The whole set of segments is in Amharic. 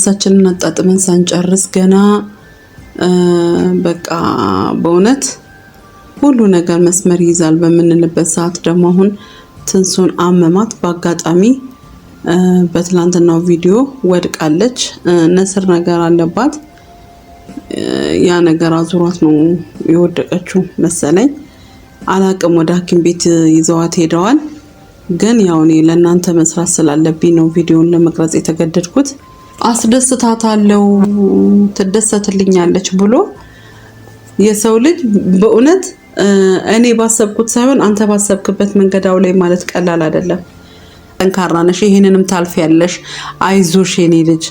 እሳችንን አጣጥመን ሳንጨርስ ገና በቃ በእውነት ሁሉ ነገር መስመር ይይዛል በምንልበት ሰዓት ደግሞ አሁን ትንሱን አመማት። በአጋጣሚ በትላንትናው ቪዲዮ ወድቃለች፣ ንስር ነገር አለባት። ያ ነገር አዙሯት ነው የወደቀችው መሰለኝ አላቅም። ወደ ሐኪም ቤት ይዘዋት ሄደዋል። ግን ያው እኔ ለእናንተ መስራት ስላለብኝ ነው ቪዲዮን ለመቅረጽ የተገደድኩት። አስደስታታለው ትደሰትልኛለች ብሎ የሰው ልጅ በእውነት እኔ ባሰብኩት ሳይሆን አንተ ባሰብክበት መንገዳው ላይ ማለት ቀላል አይደለም። ጠንካራ ነሽ፣ ይህንንም ታልፊያለሽ። አይዞሽ የኔ ልጅ፣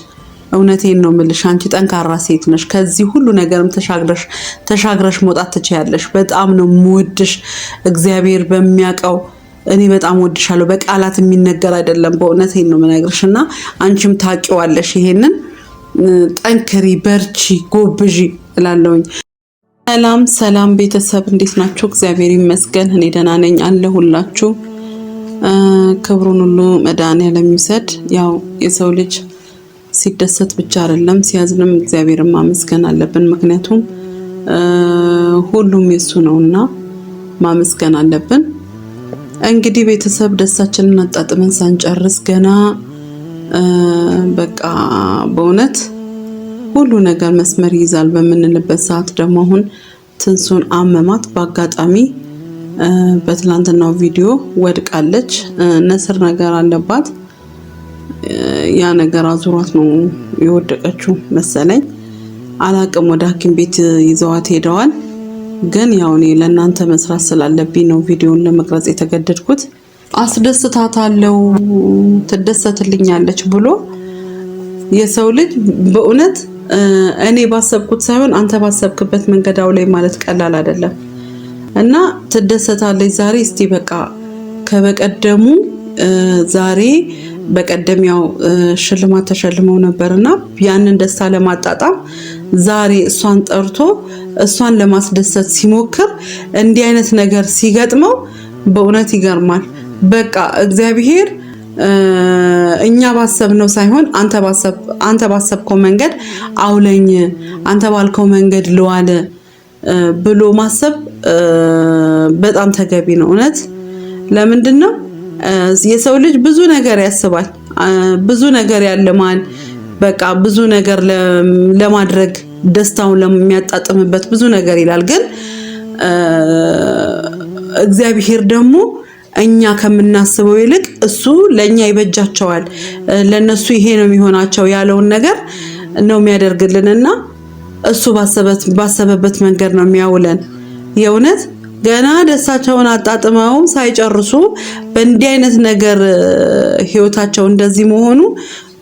እውነቴን ነው ምልሽ። አንቺ ጠንካራ ሴት ነሽ። ከዚህ ሁሉ ነገርም ተሻግረሽ ተሻግረሽ መውጣት ትችያለሽ። በጣም ነው ምወድሽ እግዚአብሔር በሚያውቀው እኔ በጣም ወድሻለሁ በቃላት የሚነገር አይደለም። በእውነት ይሄን ነው የምነግርሽ እና አንቺም ታውቂዋለሽ። ይሄንን ጠንክሪ፣ በርቺ፣ ጎብዢ እላለሁኝ። ሰላም ሰላም ቤተሰብ እንዴት ናችሁ? እግዚአብሔር ይመስገን እኔ ደህና ነኝ አለሁላችሁ። ክብሩን ሁሉ መድኃኔዓለም ይውሰድ። ያው የሰው ልጅ ሲደሰት ብቻ አይደለም ሲያዝንም እግዚአብሔር ማመስገን አለብን። ምክንያቱም ሁሉም የሱ ነውና ማመስገን አለብን። እንግዲህ ቤተሰብ ደስታችንን አጣጥመን ሳንጨርስ ገና በቃ በእውነት ሁሉ ነገር መስመር ይይዛል በምንልበት ሰዓት ደግሞ አሁን ትንሱን አመማት። በአጋጣሚ በትላንትናው ቪዲዮ ወድቃለች፣ ነስር ነገር አለባት። ያ ነገር አዙሯት ነው የወደቀችው መሰለኝ፣ አላቅም። ወደ ሐኪም ቤት ይዘዋት ሄደዋል። ግን ያው እኔ ለእናንተ መስራት ስላለብኝ ነው ቪዲዮን ለመቅረጽ የተገደድኩት። አስደስታታለሁ፣ ትደሰትልኛለች ብሎ የሰው ልጅ በእውነት እኔ ባሰብኩት ሳይሆን አንተ ባሰብክበት መንገዳው ላይ ማለት ቀላል አይደለም እና ትደሰታለች ዛሬ። እስቲ በቃ ከበቀደሙ ዛሬ በቀደም ያው ሽልማት ተሸልመው ነበር እና ያንን ደስታ ለማጣጣም ዛሬ እሷን ጠርቶ እሷን ለማስደሰት ሲሞክር እንዲህ አይነት ነገር ሲገጥመው በእውነት ይገርማል። በቃ እግዚአብሔር እኛ ባሰብነው ሳይሆን አንተ ባሰብከው መንገድ አውለኝ፣ አንተ ባልከው መንገድ ልዋል ብሎ ማሰብ በጣም ተገቢ ነው። እውነት ለምንድን ነው የሰው ልጅ ብዙ ነገር ያስባል፣ ብዙ ነገር ያለማል። በቃ ብዙ ነገር ለማድረግ ደስታውን ለሚያጣጥምበት ብዙ ነገር ይላል። ግን እግዚአብሔር ደግሞ እኛ ከምናስበው ይልቅ እሱ ለእኛ ይበጃቸዋል፣ ለእነሱ ይሄ ነው የሚሆናቸው ያለውን ነገር ነው የሚያደርግልንና እሱ ባሰበበት መንገድ ነው የሚያውለን። የእውነት ገና ደስታቸውን አጣጥመውም ሳይጨርሱ በእንዲህ አይነት ነገር ህይወታቸው እንደዚህ መሆኑ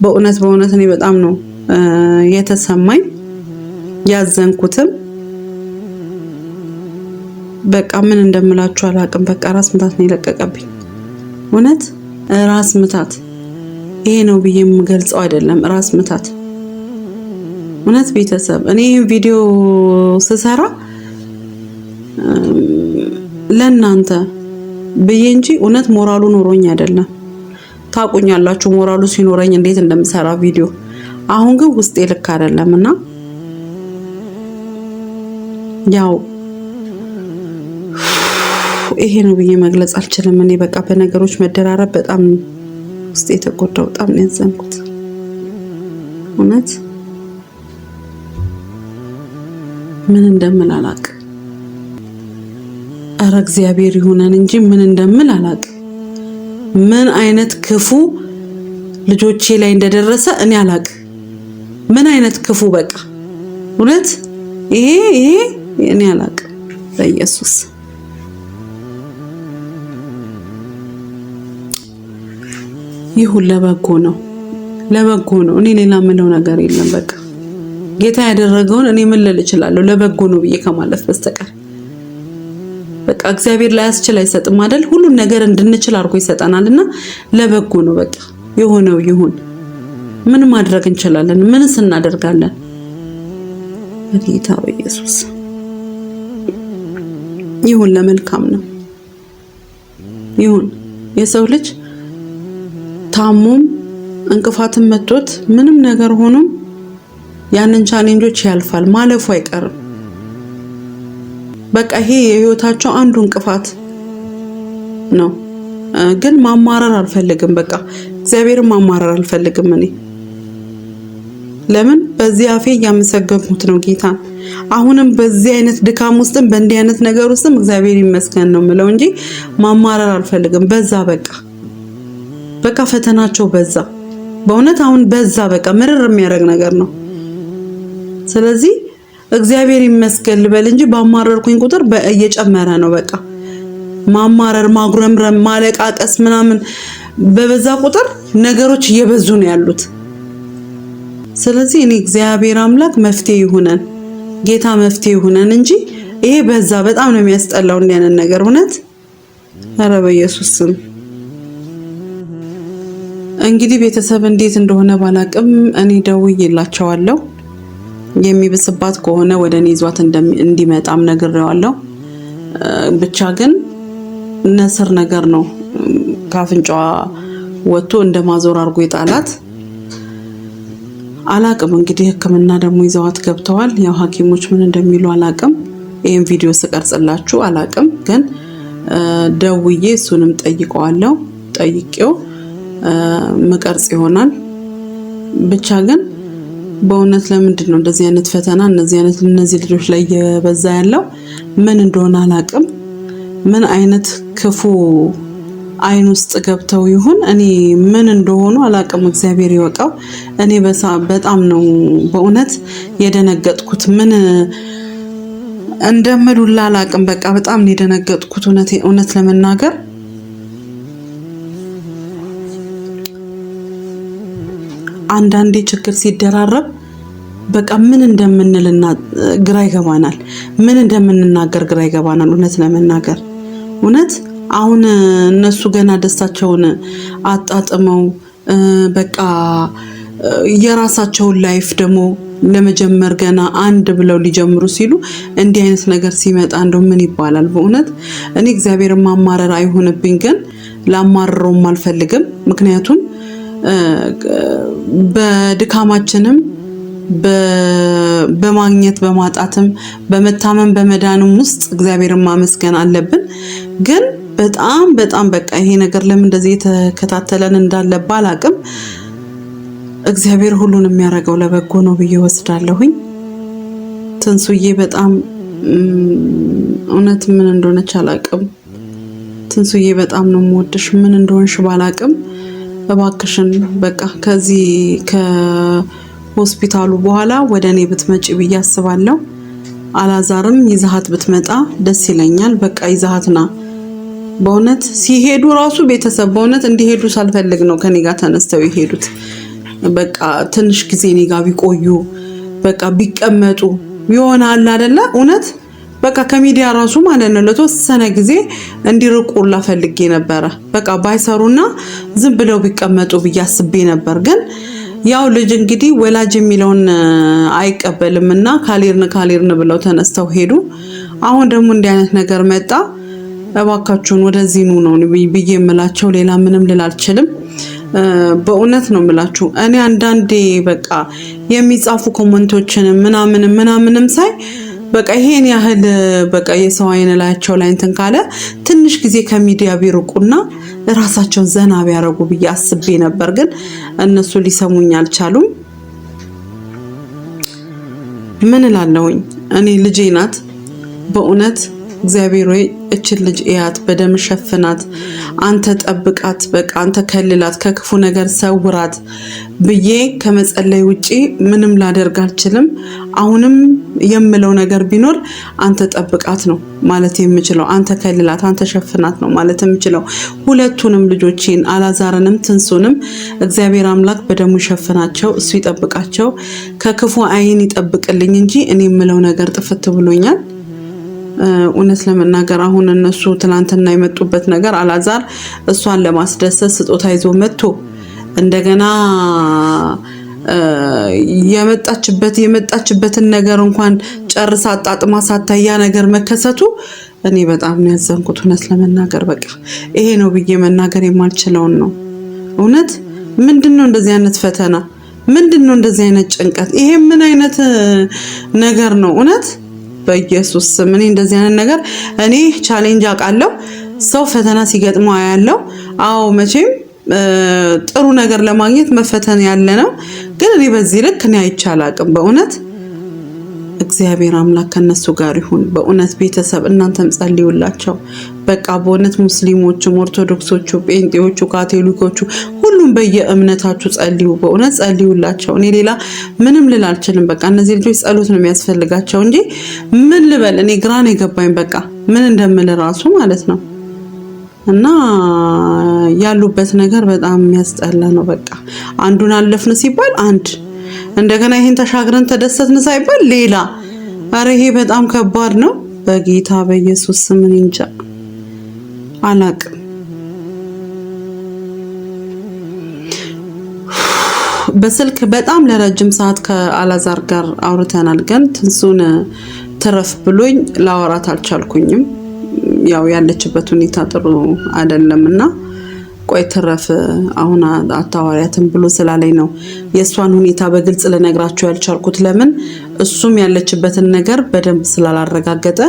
በእውነት በእውነት እኔ በጣም ነው የተሰማኝ ያዘንኩትም። በቃ ምን እንደምላችሁ አላውቅም። በቃ ራስ ምታት ነው የለቀቀብኝ። እውነት ራስ ምታት ይሄ ነው ብዬ የምገልጸው አይደለም። ራስ ምታት እውነት ቤተሰብ፣ እኔ ቪዲዮ ስሰራ ለእናንተ ብዬ እንጂ እውነት ሞራሉ ኖሮኝ አይደለም። ታቁኛላችሁ፣ ሞራሉ ሲኖረኝ እንዴት እንደምሰራ ቪዲዮ። አሁን ግን ውስጤ ልክ አይደለም እና ያው ይሄ ነው ብዬ መግለጽ አልችልም። እኔ በቃ በነገሮች መደራረብ በጣም ውስጥ የተጎዳው በጣም ነው ያዘንኩት። እውነት ምን እንደምል አላቅ። እረ እግዚአብሔር ይሁነን እንጂ ምን እንደምል አላቅ። ምን አይነት ክፉ ልጆቼ ላይ እንደደረሰ እኔ አላቅ። ምን አይነት ክፉ በቃ እውነት ይሄ ይሄ እኔ አላቅ። በኢየሱስ ይሁን፣ ለበጎ ነው፣ ለበጎ ነው። እኔ ሌላ ምለው ነገር የለም። በቃ ጌታ ያደረገውን እኔ ምን ልል እችላለሁ? ለበጎ ነው ብዬ ከማለፍ በስተቀር በቃ እግዚአብሔር ላያስችል አይሰጥም አይደል? ሁሉን ነገር እንድንችል አድርጎ ይሰጠናል። እና ለበጎ ነው። በቃ የሆነው ይሁን። ምን ማድረግ እንችላለን? ምንስ እናደርጋለን? ጌታ ኢየሱስ ይሁን። ለመልካም ነው ይሁን። የሰው ልጅ ታሞም እንቅፋትን መቶት ምንም ነገር ሆኖም ያንን ቻሌንጆች ያልፋል። ማለፉ አይቀርም። በቃ ይሄ የህይወታቸው አንዱ እንቅፋት ነው። ግን ማማረር አልፈልግም። በቃ እግዚአብሔርን ማማረር አልፈልግም እኔ ለምን በዚህ አፌ እያመሰገንኩት ነው ጌታን። አሁንም በዚህ አይነት ድካም ውስጥም በእንዲህ አይነት ነገር ውስጥም እግዚአብሔር ይመስገን ነው ምለው እንጂ ማማረር አልፈልግም። በዛ በቃ በቃ ፈተናቸው በዛ፣ በእውነት አሁን በዛ በቃ ምርር የሚያደርግ ነገር ነው። ስለዚህ እግዚአብሔር ይመስገን ልበል እንጂ ባማረርኩኝ ቁጥር እየጨመረ ነው። በቃ ማማረር፣ ማጉረምረም፣ ማለቃቀስ ምናምን በበዛ ቁጥር ነገሮች እየበዙ ነው ያሉት። ስለዚህ እኔ እግዚአብሔር አምላክ መፍትሄ ይሁነን፣ ጌታ መፍትሄ ይሁነን እንጂ ይሄ በዛ። በጣም ነው የሚያስጠላው እንዲህ አይነት ነገር እውነት። ኧረ በኢየሱስ ስም እንግዲህ ቤተሰብ እንዴት እንደሆነ ባላቅም እኔ ደውዬላቸዋለሁ። የሚብስባት ከሆነ ወደ እኔ ይዟት እንዲመጣም ነግሬዋለሁ። ብቻ ግን ነስር ነገር ነው ከአፍንጫዋ ወጥቶ እንደ ማዞር አድርጎ የጣላት አላቅም። እንግዲህ ሕክምና ደግሞ ይዘዋት ገብተዋል። ያው ሐኪሞች ምን እንደሚሉ አላቅም። ይህም ቪዲዮ ስቀርጽላችሁ አላቅም፣ ግን ደውዬ እሱንም ጠይቀዋለሁ። ጠይቄው ምቀርጽ ይሆናል ብቻ ግን በእውነት ለምንድን ነው እንደዚህ አይነት ፈተና እነዚህ አይነት እነዚህ ልጆች ላይ እየበዛ ያለው? ምን እንደሆነ አላቅም። ምን አይነት ክፉ አይን ውስጥ ገብተው ይሁን እኔ ምን እንደሆኑ አላቅም። እግዚአብሔር ይወቀው። እኔ በጣም ነው በእውነት የደነገጥኩት። ምን እንደምሉላ አላቅም። በቃ በጣም ነው የደነገጥኩት እውነት ለመናገር አንዳንዴ ችግር ሲደራረብ በቃ ምን እንደምንልና ግራ ይገባናል። ምን እንደምንናገር ግራ ይገባናል። እውነት ለመናገር እውነት አሁን እነሱ ገና ደስታቸውን አጣጥመው በቃ የራሳቸውን ላይፍ ደግሞ ለመጀመር ገና አንድ ብለው ሊጀምሩ ሲሉ እንዲህ አይነት ነገር ሲመጣ እንደው ምን ይባላል? በእውነት እኔ እግዚአብሔር ማማረር አይሆንብኝ፣ ግን ላማርረውም አልፈልግም። ምክንያቱም በድካማችንም በማግኘት በማጣትም በመታመን በመዳንም ውስጥ እግዚአብሔርን ማመስገን አለብን። ግን በጣም በጣም በቃ ይሄ ነገር ለምን እንደዚህ የተከታተለን እንዳለ ባላቅም እግዚአብሔር ሁሉን የሚያደርገው ለበጎ ነው ብዬ ወስዳለሁኝ። ትንሱዬ በጣም እውነት ምን እንደሆነች አላቅም። ትንሱዬ በጣም ነው የምወድሽ። ምን እንደሆንሽ ባላቅም እባክሽን በቃ ከዚህ ከሆስፒታሉ በኋላ ወደ እኔ ብትመጪ ብዬ አስባለሁ። አላዛርም ይዛሃት ብትመጣ ደስ ይለኛል። በቃ ይዛሃት ና። በእውነት ሲሄዱ ራሱ ቤተሰብ በእውነት እንዲሄዱ ሳልፈልግ ነው ከኔ ጋር ተነስተው የሄዱት። በቃ ትንሽ ጊዜ እኔ ጋር ቢቆዩ በቃ ቢቀመጡ ይሆናል አይደለ እውነት በቃ ከሚዲያ ራሱ ማለት ነው ለተወሰነ ጊዜ እንዲርቁላ ፈልጌ ነበረ። በቃ ባይሰሩና ዝም ብለው ቢቀመጡ ብዬ አስቤ ነበር። ግን ያው ልጅ እንግዲህ ወላጅ የሚለውን አይቀበልም እና ካሊርን ካሊርን ብለው ተነስተው ሄዱ። አሁን ደግሞ እንዲህ አይነት ነገር መጣ። እባካችሁን ወደዚህ ኑ ነው ብዬ የምላቸው። ሌላ ምንም ልል አልችልም። በእውነት ነው የምላችሁ። እኔ አንዳንዴ በቃ የሚጻፉ ኮመንቶችንም ምናምንም ምናምንም ሳይ በቃ ይሄን ያህል በቃ የሰው አይን ላያቸው ላይ እንትን ካለ ትንሽ ጊዜ ከሚዲያ ቢርቁና ራሳቸውን ዘና ቢያደርጉ ብዬ አስቤ ነበር፣ ግን እነሱ ሊሰሙኝ አልቻሉም። ምን እላለሁኝ እኔ ልጄ ናት በእውነት እግዚአብሔር ሆይ እችን ልጅ እያት፣ በደም ሸፍናት፣ አንተ ጠብቃት፣ በቃ አንተ ከልላት፣ ከክፉ ነገር ሰውራት ብዬ ከመጸለይ ውጪ ምንም ላደርግ አልችልም። አሁንም የምለው ነገር ቢኖር አንተ ጠብቃት ነው ማለት የምችለው፣ አንተ ከልላት፣ አንተ ሸፍናት ነው ማለት የምችለው። ሁለቱንም ልጆችን አላዛርንም ትንሱንም እግዚአብሔር አምላክ በደሙ ሸፍናቸው፣ እሱ ይጠብቃቸው፣ ከክፉ አይን ይጠብቅልኝ እንጂ እኔ የምለው ነገር ጥፍት ብሎኛል። እውነት ለመናገር አሁን እነሱ ትናንትና የመጡበት ነገር አላዛር እሷን ለማስደሰት ስጦታ ይዞ መጥቶ እንደገና የመጣችበት የመጣችበትን ነገር እንኳን ጨርሳ አጣጥማ ሳታያ ነገር መከሰቱ እኔ በጣም ነው ያዘንኩት። እውነት ለመናገር በቃ ይሄ ነው ብዬ መናገር የማልችለውን ነው። እውነት ምንድን ነው እንደዚህ አይነት ፈተና? ምንድን ነው እንደዚህ አይነት ጭንቀት? ይሄ ምን አይነት ነገር ነው እውነት በኢየሱስ ስም እኔ እንደዚህ አይነት ነገር እኔ ቻሌንጅ አውቃለሁ። ሰው ፈተና ሲገጥመው አያለው። አዎ መቼም ጥሩ ነገር ለማግኘት መፈተን ያለ ነው። ግን እኔ በዚህ ልክ እኔ አይቻል አቅም በእውነት እግዚአብሔር አምላክ ከነሱ ጋር ይሁን። በእውነት ቤተሰብ እናንተም ጸልዩላቸው። በቃ በእውነት ሙስሊሞቹም፣ ኦርቶዶክሶቹ፣ ጴንጤዎቹ፣ ካቶሊኮቹ ሁሉም በየእምነታችሁ ጸልዩ፣ በእውነት ጸልዩላቸው። እኔ ሌላ ምንም ልል አልችልም። በቃ እነዚህ ልጆች ጸሎት ነው የሚያስፈልጋቸው እንጂ ምን ልበል እኔ ግራ ነው የገባኝ። በቃ ምን እንደምል ራሱ ማለት ነው። እና ያሉበት ነገር በጣም የሚያስጠላ ነው። በቃ አንዱን አለፍን ሲባል አንድ እንደገና ይህን ተሻግረን ተደሰትን ሳይባል ሌላ። አረ ይሄ በጣም ከባድ ነው። በጌታ በኢየሱስ ስም እንጃ አላቅም። በስልክ በጣም ለረጅም ሰዓት ከአላዛር ጋር አውርተናል፣ ግን ትንሱን ትረፍ ብሎኝ ላወራት አልቻልኩኝም። ያው ያለችበት ሁኔታ ጥሩ አይደለም እና ቆይ ትረፍ አሁን አታዋሪያትን ብሎ ስላለኝ ነው የእሷን ሁኔታ በግልጽ ልነግራቸው ያልቻልኩት። ለምን እሱም ያለችበትን ነገር በደንብ ስላላረጋገጠ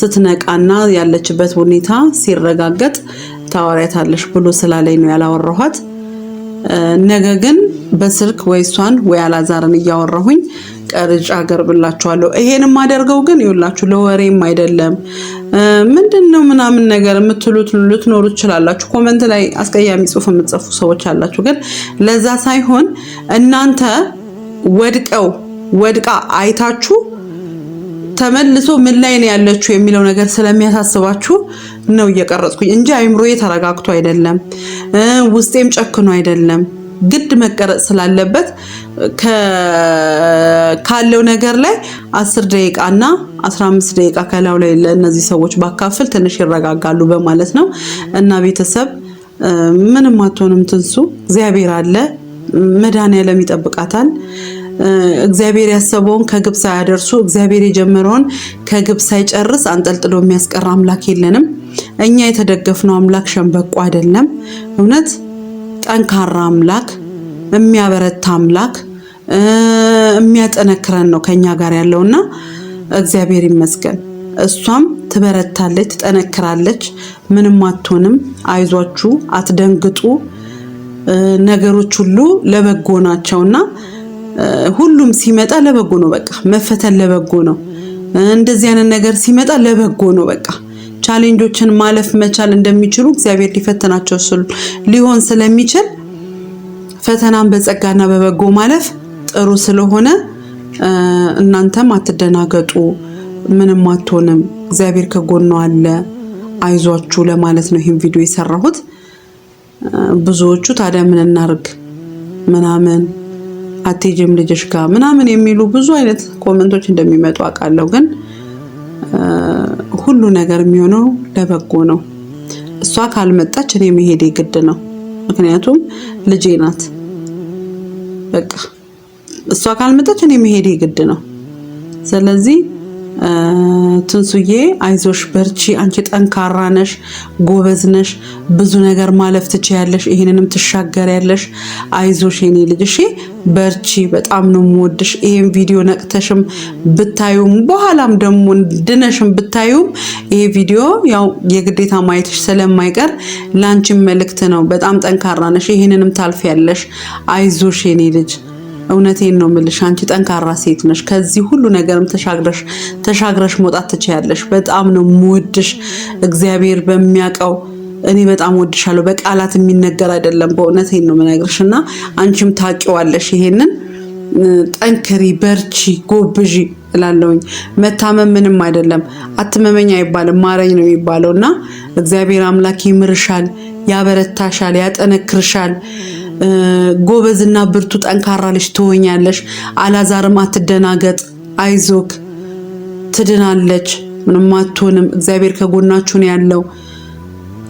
ስትነቃና ያለችበት ሁኔታ ሲረጋገጥ ታዋሪያታለሽ ብሎ ስላለኝ ነው ያላወራኋት። ነገ ግን በስልክ ወይ እሷን ወይ አላዛርን እያወራሁኝ ቀርጬ አቀርብላችኋለሁ። ይሄን የማደርገው ግን ይውላችሁ ለወሬም አይደለም። ምንድን ነው ምናምን ነገር የምትሉት ልትኖሩ ትችላላችሁ። ኮመንት ላይ አስቀያሚ ጽሁፍ የምትጽፉ ሰዎች አላችሁ። ግን ለዛ ሳይሆን እናንተ ወድቀው ወድቃ አይታችሁ ተመልሶ ምን ላይ ነው ያለችው የሚለው ነገር ስለሚያሳስባችሁ ነው እየቀረጽኩኝ እንጂ አይምሮዬ ተረጋግቶ አይደለም፣ ውስጤም ጨክኖ አይደለም። ግድ መቀረጽ ስላለበት ካለው ነገር ላይ 10 ደቂቃ እና 15 ደቂቃ ከላው ላይ ለእነዚህ ሰዎች ባካፍል ትንሽ ይረጋጋሉ በማለት ነው። እና ቤተሰብ ምንም አትሆንም። ትንሱ እግዚአብሔር አለ፣ ያለም ይጠብቃታል። እግዚአብሔር ያሰበውን ከግብ ሳያደርሱ እግዚአብሔር የጀመረውን ከግብ ሳይጨርስ አንጠልጥሎ የሚያስቀር አምላክ የለንም። እኛ የተደገፍነው አምላክ ሸንበቆ አይደለም። እውነት ጠንካራ አምላክ፣ የሚያበረታ አምላክ፣ የሚያጠነክረን ነው ከኛ ጋር ያለውና እግዚአብሔር ይመስገን። እሷም ትበረታለች፣ ትጠነክራለች። ምንም አትሆንም። አይዟችሁ፣ አትደንግጡ። ነገሮች ሁሉ ለበጎ ናቸውና ሁሉም ሲመጣ ለበጎ ነው። በቃ መፈተን ለበጎ ነው። እንደዚህ አይነት ነገር ሲመጣ ለበጎ ነው። በቃ ቻሌንጆችን ማለፍ መቻል እንደሚችሉ እግዚአብሔር ሊፈተናቸው ሊሆን ስለሚችል ፈተናን በጸጋና በበጎ ማለፍ ጥሩ ስለሆነ እናንተም አትደናገጡ። ምንም አትሆንም፣ እግዚአብሔር ከጎኗ አለ፣ አይዟችሁ ለማለት ነው ይህን ቪዲዮ የሰራሁት። ብዙዎቹ ታዲያ ምን እናርግ ምናምን አትሄጂም ልጅሽ ጋር ምናምን የሚሉ ብዙ አይነት ኮመንቶች እንደሚመጡ አውቃለሁ። ግን ሁሉ ነገር የሚሆነው ለበጎ ነው። እሷ ካልመጣች እኔ መሄድ ግድ ነው። ምክንያቱም ልጄ ናት። በቃ እሷ ካልመጣች እኔ መሄድ ግድ ነው። ስለዚህ ትንሱዬ አይዞሽ፣ በርቺ፣ አንቺ ጠንካራ ነሽ፣ ጎበዝ ነሽ፣ ብዙ ነገር ማለፍ ትችያለሽ፣ ይሄንንም ትሻገሪያለሽ። አይዞሽ የኔ ልጅ እሺ፣ በርቺ፣ በጣም ነው የምወድሽ። ይሄን ቪዲዮ ነቅተሽም ብታዩም በኋላም ደግሞ ድነሽም ብታዩም ይሄ ቪዲዮ ያው የግዴታ ማየትሽ ስለማይቀር ላንቺን መልእክት ነው። በጣም ጠንካራ ነሽ፣ ይሄንንም ታልፊያለሽ። አይዞሽ የኔ ልጅ እውነቴን ነው ምልሽ። አንቺ ጠንካራ ሴት ነሽ። ከዚህ ሁሉ ነገርም ተሻግረሽ ተሻግረሽ መውጣት ትችያለሽ። በጣም ነው ምወድሽ። እግዚአብሔር በሚያውቀው እኔ በጣም ወድሻለሁ። በቃላት የሚነገር አይደለም። በእውነቴን ነው ምነግርሽ እና አንቺም ታውቂዋለሽ ይሄንን። ጠንክሪ፣ በርቺ፣ ጎብዢ እላለሁኝ። መታመም ምንም አይደለም። አትመመኝ አይባልም ማረኝ ነው የሚባለው እና እግዚአብሔር አምላክ ይምርሻል፣ ያበረታሻል፣ ያጠነክርሻል። ጎበዝና ብርቱ ጠንካራ ልጅ ትሆኛለሽ። አላዛርም አትደናገጥ፣ አይዞክ፣ ትድናለች፣ ምንም አትሆንም፣ እግዚአብሔር ከጎናችሁ ነው ያለው።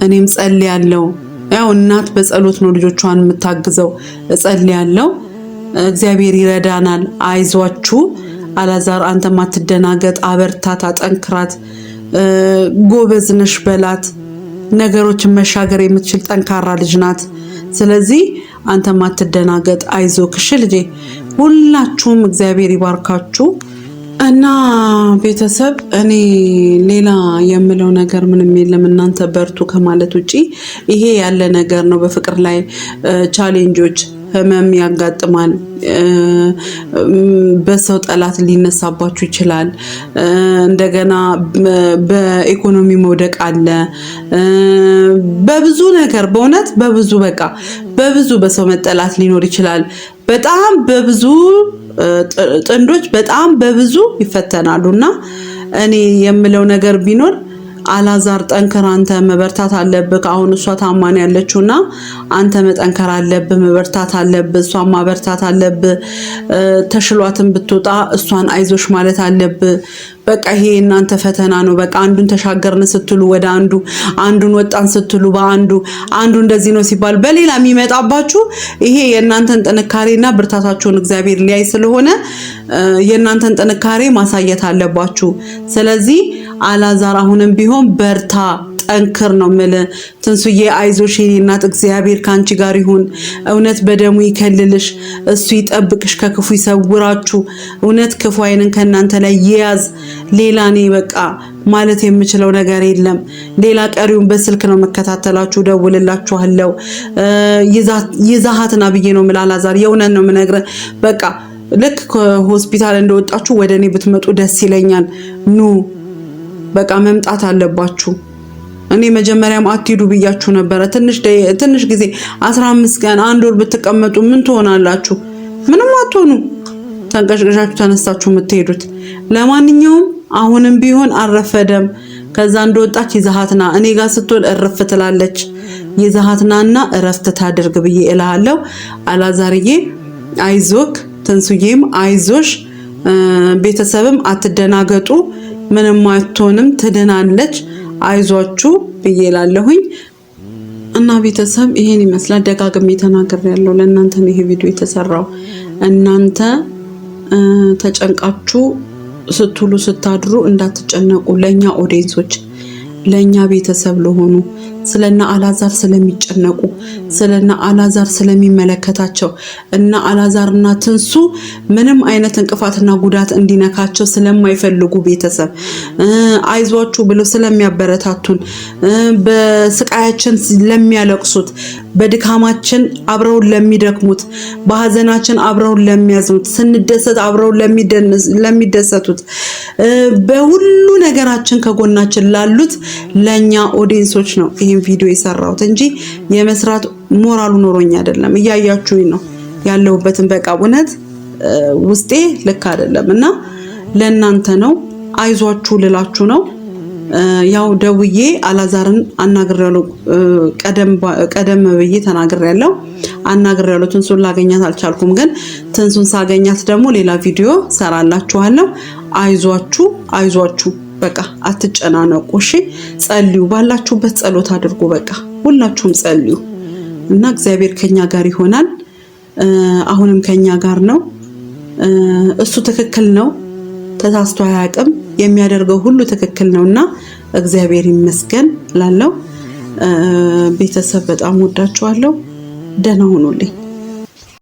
እኔም ጸልያለሁ። ያው እናት በጸሎት ነው ልጆቿን የምታግዘው። እጸልያለሁ፣ እግዚአብሔር ይረዳናል። አይዟችሁ አላዛር፣ አንተም አትደናገጥ፣ አበርታት፣ አጠንክራት፣ ጎበዝ ነሽ በላት። ነገሮችን መሻገር የምትችል ጠንካራ ልጅ ናት። ስለዚህ አንተም አትደናገጥ፣ አይዞ እሺ ልጄ፣ ሁላችሁም እግዚአብሔር ይባርካችሁ እና ቤተሰብ፣ እኔ ሌላ የምለው ነገር ምንም የለም። እናንተ በርቱ ከማለት ውጪ ይሄ ያለ ነገር ነው። በፍቅር ላይ ቻሌንጆች ህመም ያጋጥማል። በሰው ጠላት ሊነሳባችሁ ይችላል። እንደገና በኢኮኖሚ መውደቅ አለ። በብዙ ነገር በእውነት በብዙ በቃ በብዙ በሰው መጠላት ሊኖር ይችላል። በጣም በብዙ ጥንዶች በጣም በብዙ ይፈተናሉ እና እኔ የምለው ነገር ቢኖር አላዛር ጠንከር፣ አንተ መበርታት አለብህ። አሁን እሷ ታማን ያለችውና አንተ መጠንከር አለብህ፣ መበርታት አለብህ፣ እሷን ማበርታት አለብህ። ተሽሏትን ብትወጣ እሷን አይዞሽ ማለት አለብህ። በቃ ይሄ እናንተ ፈተና ነው። በቃ አንዱን ተሻገርን ስትሉ ወደ አንዱ፣ አንዱን ወጣን ስትሉ በአንዱ፣ አንዱ እንደዚህ ነው ሲባል በሌላ የሚመጣባችሁ ይሄ የእናንተን ጥንካሬና ብርታታችሁን እግዚአብሔር ሊያይ ስለሆነ የእናንተን ጥንካሬ ማሳየት አለባችሁ። ስለዚህ አላዛር አሁንም ቢሆን ቢሆን በርታ ጠንክር ነው ምል ትንሱዬ፣ አይዞሽ የኔ እናት፣ እግዚአብሔር ከአንቺ ጋር ይሁን። እውነት በደሙ ይከልልሽ፣ እሱ ይጠብቅሽ፣ ከክፉ ይሰውራችሁ። እውነት ክፉ አይንን ከእናንተ ላይ ይያዝ። ሌላ እኔ በቃ ማለት የምችለው ነገር የለም። ሌላ ቀሪውን በስልክ ነው መከታተላችሁ፣ ደውልላችኋለሁ። ይዛሃትና ብዬ ነው ምላል አዛር፣ የእውነት ነው ምነግረ በቃ ልክ ከሆስፒታል እንደወጣችሁ ወደ እኔ ብትመጡ ደስ ይለኛል። ኑ በቃ መምጣት አለባችሁ። እኔ መጀመሪያም አትሄዱ ብያችሁ ነበረ። ትንሽ ትንሽ ጊዜ 15 ቀን አንድ ወር ብትቀመጡ ምን ትሆናላችሁ? ምንም አትሆኑ። ተንቀሽቀሻችሁ ተነስታችሁ የምትሄዱት። ለማንኛውም አሁንም ቢሆን አረፈደም ከዛ እንደወጣች ይዛሃትና እኔ ጋር ስትሆን እረፍ ትላለች። ይዛሃትናና እረፍት ታደርግ ብዬ እልሃለሁ። አላዛርዬ አይዞክ፣ ትንሱዬም አይዞሽ፣ ቤተሰብም አትደናገጡ። ምንም አትሆንም፣ ትድናለች፣ አይዟችሁ ብዬ እላለሁኝ እና ቤተሰብ ይሄን ይመስላል። ደጋግሜ ተናግሬ ያለው ለእናንተ ነው ይሄ ቪዲዮ የተሰራው። እናንተ ተጨንቃችሁ ስትውሉ ስታድሩ እንዳትጨነቁ። ለእኛ ኦዲየንሶች፣ ለእኛ ቤተሰብ ለሆኑ ስለና አላዛር ስለሚጨነቁ ስለና አላዛር ስለሚመለከታቸው እና አላዛርና ትንሱ ምንም አይነት እንቅፋትና ጉዳት እንዲነካቸው ስለማይፈልጉ ቤተሰብ አይዟችሁ ብለው ስለሚያበረታቱን በስቃያችን ለሚያለቅሱት በድካማችን አብረውን ለሚደክሙት በሀዘናችን አብረውን ለሚያዝኑት ስንደሰት አብረውን ለሚደሰቱት በሁሉ ነገራችን ከጎናችን ላሉት ለእኛ ኦዲየንሶች ነው ይሄ ይህን ቪዲዮ የሰራሁት እንጂ የመስራት ሞራሉ ኖሮኝ አይደለም። እያያችሁኝ ነው ያለሁበትን። በቃ እውነት ውስጤ ልክ አይደለም እና ለእናንተ ነው አይዟችሁ ልላችሁ ነው። ያው ደውዬ አላዛርን አናግሬያለሁ። ቀደም ብዬ ተናግሬያለሁ። አናግሬያለሁ። ትንሱን ላገኛት አልቻልኩም፣ ግን ትንሱን ሳገኛት ደግሞ ሌላ ቪዲዮ ሰራላችኋለሁ። አይዟችሁ አይዟችሁ በቃ አትጨናነቁ። እሺ ጸልዩ፣ ባላችሁበት ጸሎት አድርጉ። በቃ ሁላችሁም ጸልዩ እና እግዚአብሔር ከኛ ጋር ይሆናል። አሁንም ከኛ ጋር ነው። እሱ ትክክል ነው፣ ተሳስቶ አያውቅም። የሚያደርገው ሁሉ ትክክል ነው እና እግዚአብሔር ይመስገን ላለው ቤተሰብ በጣም ወዳችኋለሁ። ደህና ሁኑልኝ።